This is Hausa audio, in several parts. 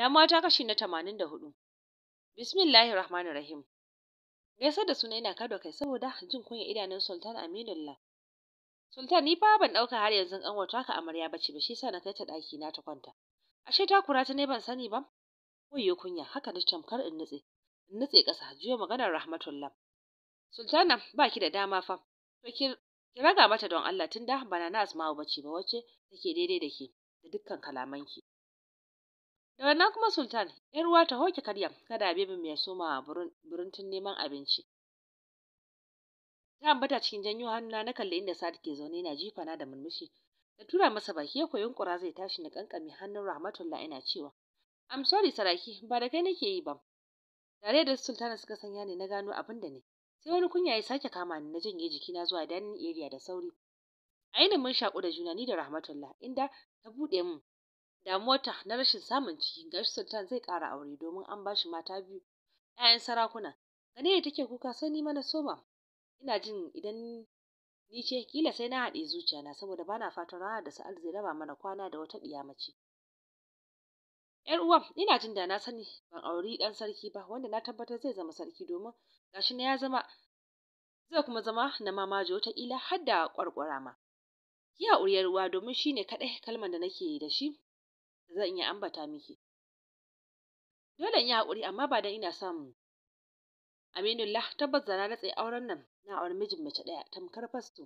Damuwa ta kashi na tamanin da hudu. Bismillahir Rahmanir Rahim. Gaisar da suna yana kado kai saboda jin kunya idanun Sultan Aminullah. Sultan ni fa ban dauka har yanzu an wata ka amarya bace ba shi sa na kai ta daki na ta kwanta. Ashe ta kura ta ne ban sani ba. Koyo kunya haka da tamkar in nutse. In nutse kasa jiyo maganar Rahmatullah. Sultana baki da dama fa. To ki raga mata don Allah tunda bana na ba bace ba wace take daidai da ke da dukkan kalamanki. daga nan kuma sultan yar uwa ta hoke karya kada habibin ya soma burutun neman abinci ta ambata cikin janyo hannuna na kalli inda sadi ke zaune na jifa na da murmushi da tura masa baki ya koyi yunkura zai tashi na kankami hannun rahmatullah ina cewa i'm sorry saraki ba da kai nake yi ba tare da sultana suka sanya ni na gano abin da ne sai wani kunya ya sake kama ni na janye jikina zuwa dining area da sauri A ainihin mun shaƙu da juna ni da rahmatullah inda ta buɗe min damuwarta na rashin samun ciki gashi sultan zai ƙara aure domin an bashi mata biyu ƴaƴan sarakuna gani da take kuka sai ni ma soma ina jin idan ni ce kila sai na haɗe zuciyana, saboda bana fatan rana da sa'ad zai raba mana kwana da wata ɗiya mace yar uwan ina jin da na sani ban auri ɗan sarki ba wanda na tabbatar zai zama sarki domin gashi na ya zama zai kuma zama na mamaji wata ƙila har da ƙwarƙwarama ki haƙuri uwa domin shine kaɗai kalmar da nake da shi zan iya ambata miki. Dole in yi hakuri, amma ba dan ina samu Aminullah tabbas da na natse auren nan na auren mijin mace ɗaya tamkar fasto.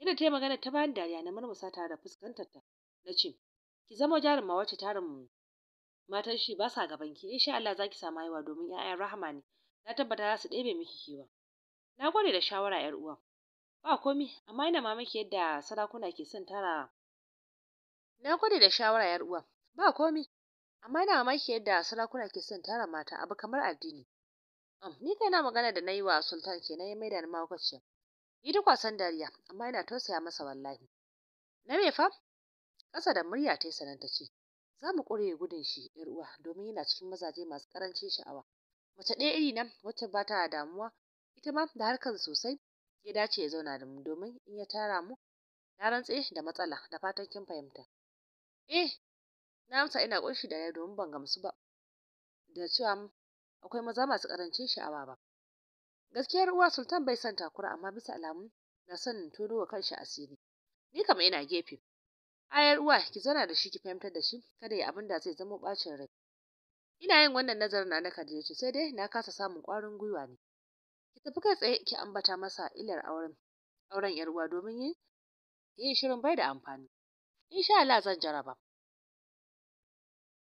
Ina ta yi magana ta bani dariya na murmusa tare da fuskantar ta na ce ki zama jarin wacce tarin matan shi ba sa gaban ki insha Allah za ki samu haihuwa domin 'ya'yan rahama ne na tabbata za su ɗebe miki kewa. Na gode da shawara 'yar uwa. Ba komi amma ina mamaki yadda sarakuna ke son tara Na gode da shawara yar uwa. Ba komi. Amma ina mamaki yadda sarakuna ke son tara mata abu kamar addini. Um, ni na magana da na yi wa Sultan ke nayi ya da ni mahaukaciya. Ni duk wasan dariya, amma ina tausaya masa wallahi. Na me fa? Ƙasa da murya ta yi sananta ce, Za mu ƙure gudun shi, ‘yar uwa, domin yana cikin mazaje masu ƙarancin sha'awa. Mace ɗaya iri nan, wacce ba ta damuwa, ita ma da harkar sosai, ya dace ya zauna da mu domin in ya tara mu, na rantse da matsala, da fatan kin fahimta. Eh, na amsa ina kunshi da dariya domin ban gamsu ba da cewa akwai maza masu ƙarancin sha'awa ba. Gaskiyar uwa Sultan bai son takura amma bisa alamu na son turo wa kanshi asiri. Ni kamar ina gefe. Ayar uwa ki zauna da shi ki fahimtar da shi kada ya abin da zai zama bacin rai. Ina yin wannan nazarin na naka yace, sai dai na kasa samun ƙwarin gwiwa ne. Ki tafi kai tsaye ki ambata masa illar auren auren yar uwa domin yin shirin bai da amfani. insha Allah zan jaraba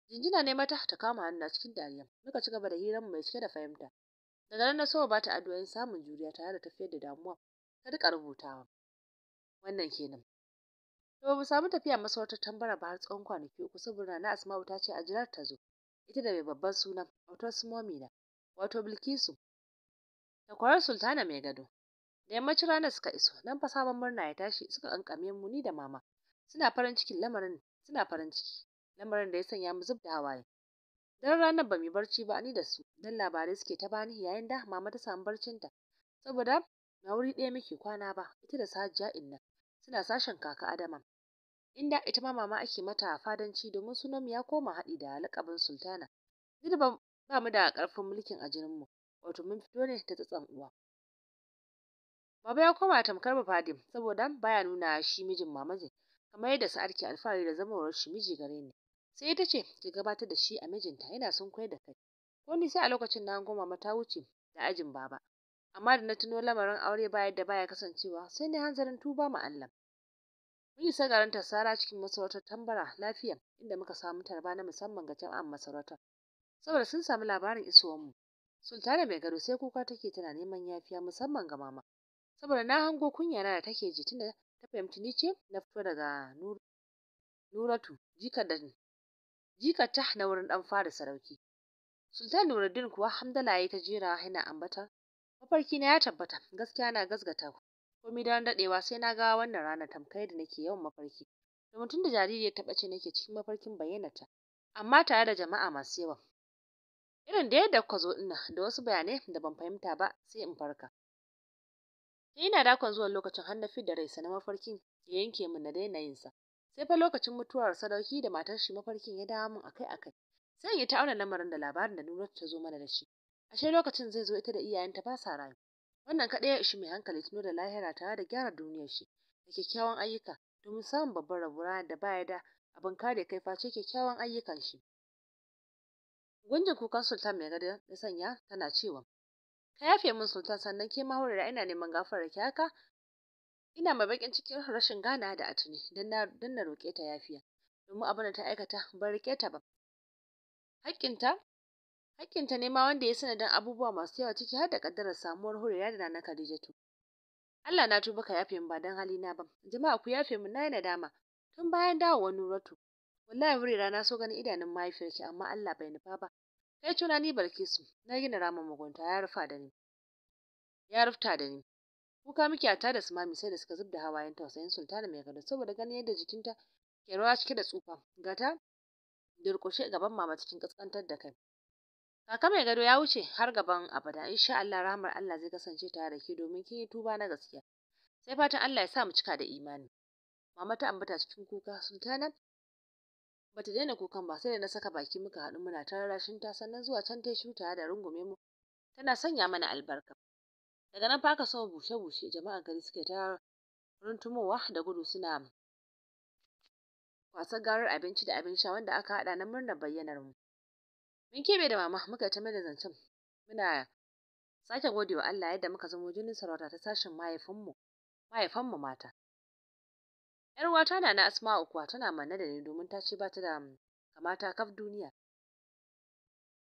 jinjina ne mata ta kama hannu cikin dariya muka cigaba gaba da hirar mai cike da fahimta daga nan na so ba ta addu'o'in samun juriya tare da tafiyar da damuwa ta rika rubutawa wannan kenan to mu samu tafiya masarautar tambara ba har tsawon kwanaki uku saboda na asma'u ta ce a jirar ta zo ita da mai babban suna autar su momina wato bilkisu da kwarar sultana mai gado da yammacin ranar suka iso nan fa sabon murna ya tashi suka kankame mu ni da mama suna farin cikin lamarin suna farin ciki lamarin da ya sanya mu zub da hawaye dan ranar ba mu barci ba ni da su dan labarai suke ta bani yayin da mama ta samu barcin ta saboda na wuri ɗaya muke kwana ba ita da sajiya inna suna sashen kaka adama inda ita ma mama ake mata fadanci domin sunan mu ya koma haɗi da lakabin sultana duk ba ba mu da ƙarfin mulkin a jinin mu wato mun fito ne ta tsatsan uwa baba ya koma tamkar ba fadim saboda baya nuna shi mijin mama kamar yadda sa'ar ke alfahari da wa shi miji gare ni sai ita ce ki gabatar da shi a mijinta yana sun da kai ko sai a lokacin na goma ma ta wuce da ajin baba amma da na tuno lamarin aure baya da baya kasancewa sai na hanzarin tuba ma Allah mun yi sagarantar sara cikin masarautar tambara lafiya inda muka samu tarba na musamman ga jama'an masarautar saboda sun samu labarin isowar mu sultana mai gado sai kuka take tana neman yafiya musamman ga mama saboda na hango kunya na da take ji tunda ta fahimci ni ce na fito daga Nuratu jikar da jikata na wurin dan fara sarauki Sultan Nuruddin kuwa hamdala yayi ta jera yana ambata mafarki na ya tabbata gaskiya na gasgata ku komai da dadewa sai na ga wannan rana tamkai da nake yawan mafarki Da mutum da jariri ya taɓa nake cikin mafarkin bayyana ta. amma tare da jama'a masu yawa irin da yadda kuka zo ina da wasu bayanai da ban fahimta ba sai in farka Sai ina dakon zuwa lokacin har na fidda raisa na mafarkin ya yanke min na daina sa Sai fa lokacin mutuwar Sadauki da matar shi mafarkin ya dawo min akai-akai. Sai ya ta auna lamarin da labarin da nuna ta zo mana da shi. Ashe lokacin zai zo ita da iyayenta ba sa rayu Wannan kaɗai ya ishi mai hankali tuno da lahira tare da gyara duniyar shi da kyakkyawan ayyuka domin samun babban rabuwa ranar da baya da abin kare kai face kyakkyawan ayyukan shi. Gunjin kukan Sultan mai gado ya sanya tana cewa Ta yafe min sultan sannan ke ma ina neman gafara ki haka ina mai bakin ciki rashin gana da atuni dan na dan na roke ta yafiya domin abin da ta aikata ban rike ta ba hakkinta hakkinta ne ma wanda ya sanadin abubuwa masu yawa ciki har da kaddarar samuwar hurriya da nana Khadijatu Allah na tuba ka yafe min ba dan hali na ba jama'a ku yafe min Na yana dama tun bayan dawowar Nuratu wallahi hurriya na so ganin idanun mahaifiyarki amma Allah bai nufa ba kai cuna ni Balkisu na gina rama mugunta ya rufa da ni ya rufta da ni kuka miki a tada su mami sai da suka zub da hawayen tausayin sultana mai gado saboda ganin yadda jikinta ke rawa cike da tsufa gata durƙushe gaban mama cikin kaskantar da kai kaka mai gado ya wuce har gaban abada insha Allah rahmar Allah zai kasance tare da ke domin kin yi tuba na gaskiya sai fatan Allah ya sa mu cika da imani mama ta ambata cikin kuka sultana bata daina kukan ba sai da na saka baki muka haɗu muna ta rarrashin ta sannan zuwa can ta shuta da rungume mu tana sanya mana albarka daga nan fa ka so bushe bushe jama'a gari suke ta runtumowa da gudu suna kwasar garar abinci da abin sha wanda aka haɗa na murnar bayyanar mu mun kebe da mama muka ta da zancen muna sake gode wa Allah yadda muka zamo jinin sarauta ta sashin mahaifinmu mata yar wata na na asma'u kuwa tana manne da ni domin ta ce ba ta da mm, kamata kaf duniya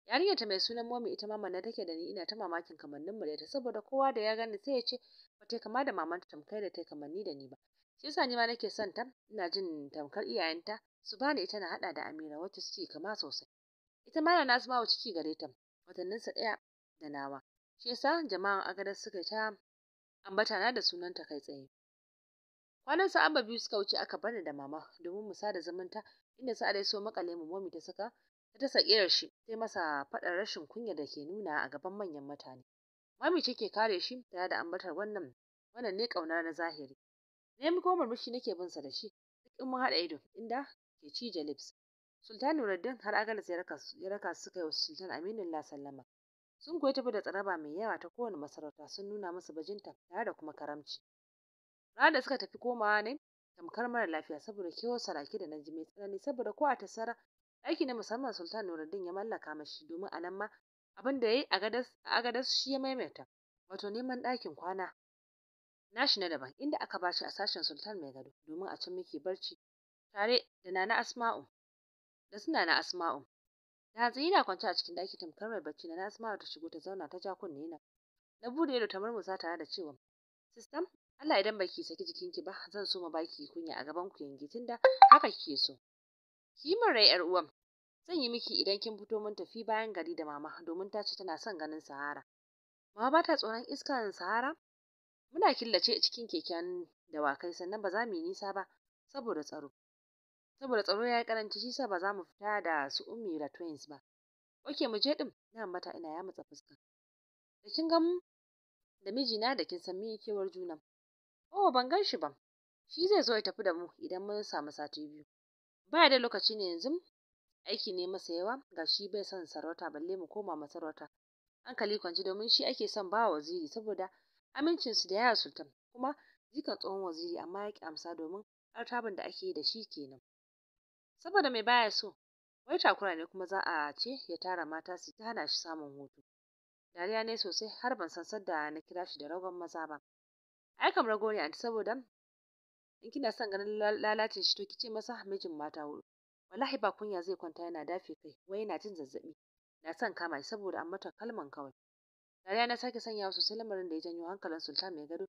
yarinyar mai sunan momi ita ma manne take da ni ina ta mamakin kamannin mu da ita saboda kowa da ya gani sai ya ce ba ta kama da mamanta tamkai da ta kamanni da ni ba shi yasa ni ma nake son ta ina jin tamkar iyayenta su bani ita na hada da Amira wacce suke kama sosai ita ma na asma'u ciki gare ta watanninsa ɗaya da nawa shi yasa jama'an agadar suka ta ambata na da sunanta kai tsaye kwanan sa abba biyu suka wuce aka bar da mama domin mu sada zumunta inda sa'ada dai so makale mu momi ta saka ta ta sakiyar shi sai masa faɗar rashin kunya da ke nuna a gaban manyan mutane mami ce ke kare shi tare da ambatar wannan wannan ne kauna na zahiri na mu kuma murmushi nake bin sa da shi duk in mun hada ido inda ke ci jalips sultan nuruddin har agalas ya raka ya raka suka kai wa sultan aminu la sallama sun koyi tafi da tsaraba mai yawa ta kowane masarauta sun nuna masa bajinta tare da kuma karamci ranar da suka tafi komawa ne tamkar mara lafiya saboda kewar saraki da naji mai tsanani saboda ko a tasara aiki na musamman sultan nuruddin ya mallaka mashi domin a nan ma abin da ya yi a gadas shi ya maimaita wato neman ɗakin kwana nashi na daban inda aka bashi a sashen sultan mai gado domin a can muke barci tare da nana asma'u da suna na asma'u da yana kwance a cikin ɗaki tamkar mai barci na asma'u ta shigo ta zauna ta ja kunne na na bude ido ta murmusa tare da cewa sistam Allah idan baki saki ki ba zan so ma baki kunya a gaban ku yanzu, tunda haka kike so ki min rai yar uwan zan yi miki idan kin fito mun tafi bayan gari da mama domin ta ce tana son ganin sahara mama ba ta tsoron iskan sahara muna killace cikin keken dawakai sannan ba za mu yi nisa ba saboda tsaro saboda tsaro ya yi karanci shi sa ba za mu fita da su ummi da twins ba Ok, mu je din na mata ina ya mutsa fuska da kin ga da mijina da kin san mi kewar juna Oh, ban gan shi ba. Shi zai zo ya tafi da mu idan mun samu sati biyu. Ba da lokaci ne yanzu. Aiki ne masa yawa, ga shi bai son sarauta balle mu koma masarauta. Hankali kwanci domin shi ake son ba waziri saboda amincin su da yaya sultan kuma jikan tsohon waziri amma ya amsa domin artabin da ake da shi kenan. Saboda mai baya so, wai takura ne kuma za a ce ya tara mata su ta hana shi samun hutu. Dariya ne sosai har ban san sadda na kira shi da ragon maza ba. ai kam rago ne anti saboda in kina son ganin lalacin shi to kice masa mijin mata hudu wallahi ba kunya zai kwanta yana dafe kai wai yana jin zazzabi na son kama shi saboda an mata kalman kawai dariya na sake sanyawa sosai lamarin da ya janyo hankalin sultan mai gado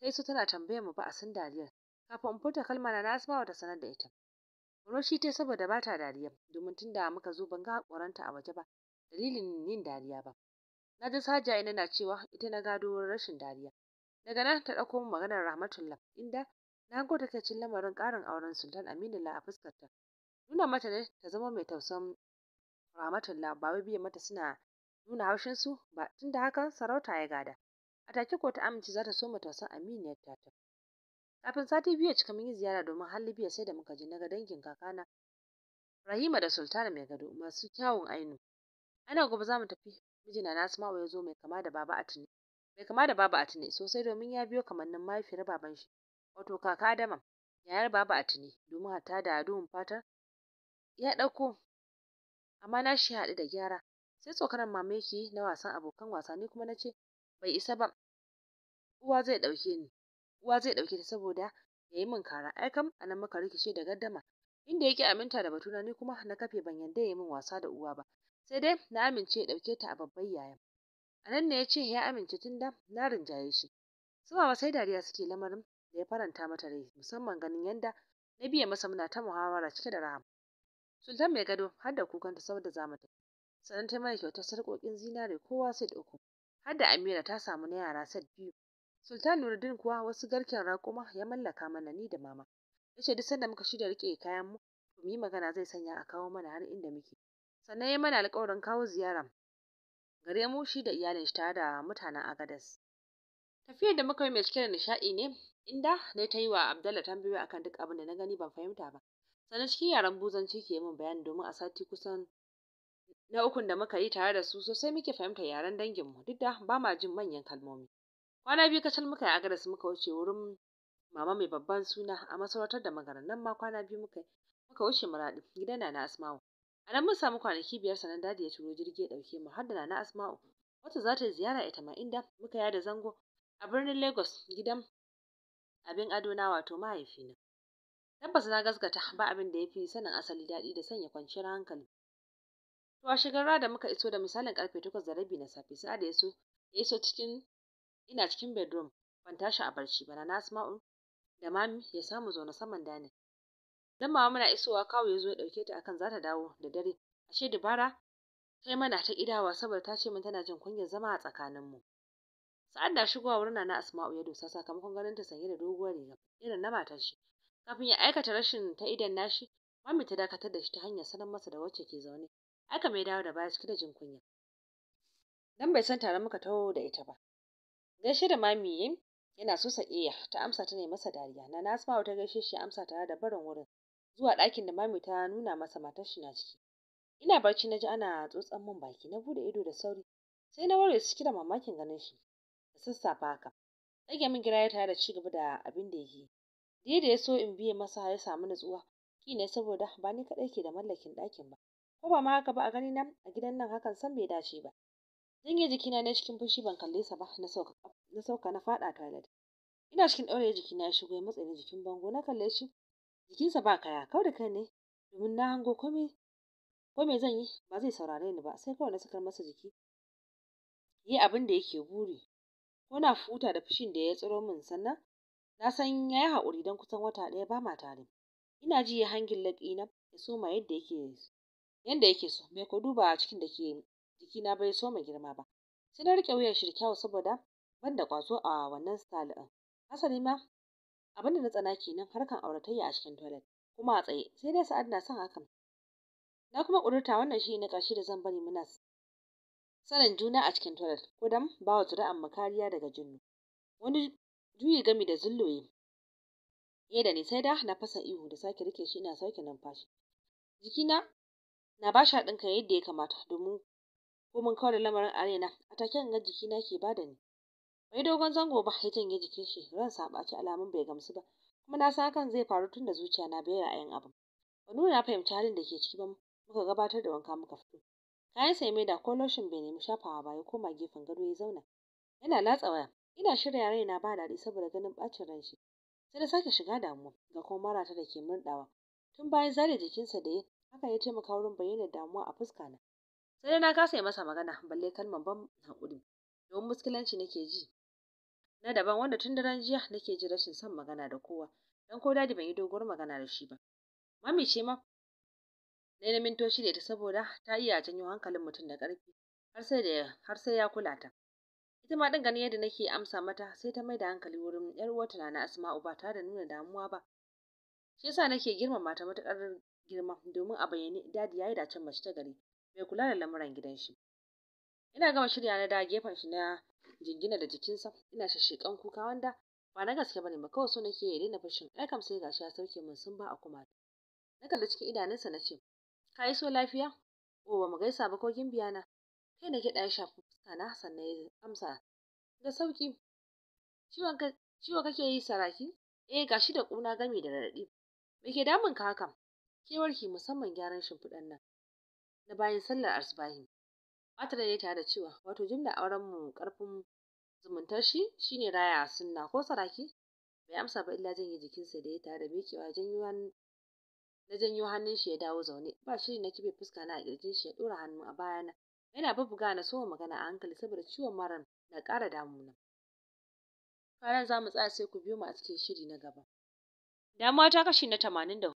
sai su tana tambayar mu ba a san dariyar kafin in furta kalma na asma wata sanar da ita shi ta saboda ba ta dariya domin tunda muka zo ban ga hakoranta a waje ba dalilin yin dariya ba na ji sajiya ina na cewa ita na gado rashin dariya daga nan ta ɗauko maganar rahmatullah inda na ta ci lamarin ƙarin auren sultan aminullah a fuskarta nuna mata ne ta zama mai tausan rahmatullah ba wai biye mata suna nuna haushin su ba tunda hakan sarauta ya gada a take ko ta amince za ta so mu tausan aminiyar ta kafin sati biyu ya cika mun yi ziyara domin hali Libya sai da muka je na ga dangin kakana Rahima da Sultana mai gado masu kyawun ainu ana gobe za mu tafi mijina na Asma'u ya zo mai kama da baba a tuni bai kama da baba atini sosai domin ya biyo kamannin mahaifiyar baban shi wato kaka adama yayar baba atini domin hatta da duhun fatar ya ɗauko amma na shi haɗu da gyara sai tsokanar mama yake na wasan abokan wasa ni kuma na ce bai isa ba uwa zai ɗauke ni uwa zai ɗauke ta saboda ya yi min kara ai kam anan muka rikice da gaddama inda yake aminta da batuna ni kuma na kafe ban yarda ya yi min wasa da uwa ba sai dai na amince ya ɗauke ta a babban yayan a nan ne ya ce ya amince tun da na rinjaye shi su mama sai dariya suke lamarin da ya faranta mata rai musamman ganin yanda na biya masa muna ta muhawara cike da rahama sultan mai gado har da kukan ta saboda zamata sannan ta mai kyautar sarƙoƙin zinare kowa sai da uku har da amira ta samu na yara sat biyu sultan nuruddin kuwa wasu garken raƙuma ya mallaka mana ni da mama ya ce duk sanda muka shirya rike kayan mu to yi magana zai sanya a kawo mana har inda muke sannan ya mana alƙawarin kawo ziyara gare mu shi da iyalin shi tare da mutanen Agadas. Tafiyar da muka yi mai cike da nishaɗi ne inda na ta yi wa Abdalla tambayoyi akan duk abin da na gani ban fahimta ba. Sannan cikin yaren buzanci ke min bayani domin a sati kusan na ukun da muka yi tare da su sosai muke fahimtar yaren danginmu duk da ba ma jin manyan kalmomi. Kwana biyu kacal muka yi Agadas muka wuce wurin mama mai babban suna a masarautar da magaran nan ma kwana biyu muka yi muka wuce maraɗi gidan na Asma'u. a nan mun samu kwanaki biyar sannan dadi ya turo jirgi ya ɗauke mu har da nana asma'u Wata za ta yi ziyara ita ma inda muka yada zango a birnin lagos gidan abin ado na wato mahaifina tabbas na gaskata ba abin da ya fi sanin asali daɗi da sanya kwanciyar hankali to a shigar da muka iso da misalin karfe takwas da rabi na safe sa'ada da so ya iso cikin ina cikin bedroom ban tashi a barci ba na asma'u da mami ya samu zaune saman danin dan mama muna isowa kawo ya ya ɗauke ta akan zata dawo da dare ashe dubara sai mana ta idawa saboda ta ce min tana jin kunyar zama a tsakaninmu sa'ad da shigowa wurin na asma'u ya dosa sakamakon ganin ta sanye da doguwar riga irin na matar shi kafin ya aikata rashin ta idan nashi mami ta dakatar da shi ta hanyar sanar masa da wacce ke zaune aka mai dawo da baya cike da jin kunya dan bai san tare muka taho da ita ba gaishe da mami yana so sa iya ta amsa ta ne masa dariya na asma'u ta gaishe shi amsa tare da barin wurin zuwa ɗakin da mami ta nuna masa matar shi na ciki ina barci na ji ana tsotsan min baki na bude ido da sauri sai na ware su kira mamakin ganin shi da sassafa haka ɗage min gira ya tare da cigaba da abin da yake da da ya so in biye masa ya samu nutsuwa ki ne saboda ba ni kaɗai ke da mallakin ɗakin ba ko ba ma haka ba a gani na a gidan nan hakan san bai dace ba Zan janye jikina na cikin fushi ban kalle sa ba na sauka na faɗa faɗa toilet ina cikin ɗaure jikina ya shigo ya matsa ni jikin bango na kalle shi jikinsa ba kaya kawai da kai ne domin na hango komai ko me zan yi ba zai saurare ni ba sai kawai na sakar masa jiki yi abin da yake buri ko na futa da fushin da ya tsiro min sannan na san ya yi haƙuri don kusan wata ɗaya ba ma tare ina ji ya hangin laƙi na ya soma yadda yake yadda yake so Me ko duba cikin da ke jikina bai soma girma ba sai na riƙe wuyar shi saboda ban da ƙwazo a wannan style ɗin asali ma abinda na tsana kenan harkan auratayya a cikin toilet kuma a tsaye sai dai sa'ad na son hakan na kuma ƙudurta wannan shi na ƙarshe da zan bari muna sanin juna a cikin toilet ko dan ba wa tura mu kariya daga jinnu wani juyi gami da zulloye ya da ni sai da na fasa ihu da sake rike shi ina sauke numfashi jikina na ba shi haɗin kai yadda ya kamata domin komin kawar da lamarin arena a take ga jikina ke ba da ni bai dogon zango ba ya janye jikin shi ran sabaci alamun bai gamsu ba kuma na san hakan zai faru tunda zuciya na bai ra'ayin abin ba nuna na fahimci halin da ke ciki ba muka gabatar da wanka muka fito kayan sai mai da ko lotion bai nemi shafawa ba ya koma gefen gado ya zauna yana latsa waya ina shirya raina ba daɗi saboda ganin ɓacin ran shi sai da sake shiga damuwa ga kuma marata da ke murɗawa tun bayan zare jikinsa da ya hakan ya taimaka wurin bayyana damuwa a fuska na sai na kasa yi masa magana balle kalmar ban haƙuri domin muskilanci nake ji na daban wanda tun daren jiya nake ji rashin son magana da kowa dan ko dadi ban yi doguwar magana da shi ba mami ce ma na mintoci da ita saboda ta iya janyo hankalin mutum da ƙarfi har sai da har sai ya kula ta ita ma din ganin yadda nake amsa mata sai ta mai da hankali wurin yar uwarta na Asma'u ba ta da nuna damuwa ba shi yasa nake girmama ta matukar girma domin a bayyane dadi yayi dacen mace ta gari mai kula da lamuran gidan shi ina gama shirya na da gefen shi na jingina da jikinsa ina shashikan kuka wanda ba na gaske bane ba kawai so nake ya daina fushin ai kam sai gashi ya sauke min sun ba a kuma na kalli cikin idanunsa na ce ka yi so lafiya o oh, ba mu gaisa ba ko gimbiya na kai na kiɗa ya shafi fuska na sannan ya amsa da sauki ciwo kake yi saraki eh gashi da kuna gami da raɗaɗi me ke damun ka haka kewarki musamman gyaran shimfiɗan nan na bayan sallar asbahi ba ta daidaita da cewa wato jimla auren mu karfin zumuntar shi shine raya sunna ko saraki bai amsa ba illa janye jikinsa da ya tare da mikewa janyo na janyo hannun shi ya dawo zaune ba shiri na kibe fuska na a kirjin shi ya dora hannu a bayana yana bubbuga na so magana a hankali saboda ciwon maran na ƙara damuna ranar za mu tsaya sai ku biyo mu a cikin shiri na gaba. Damuwa ta kashi na tamanin da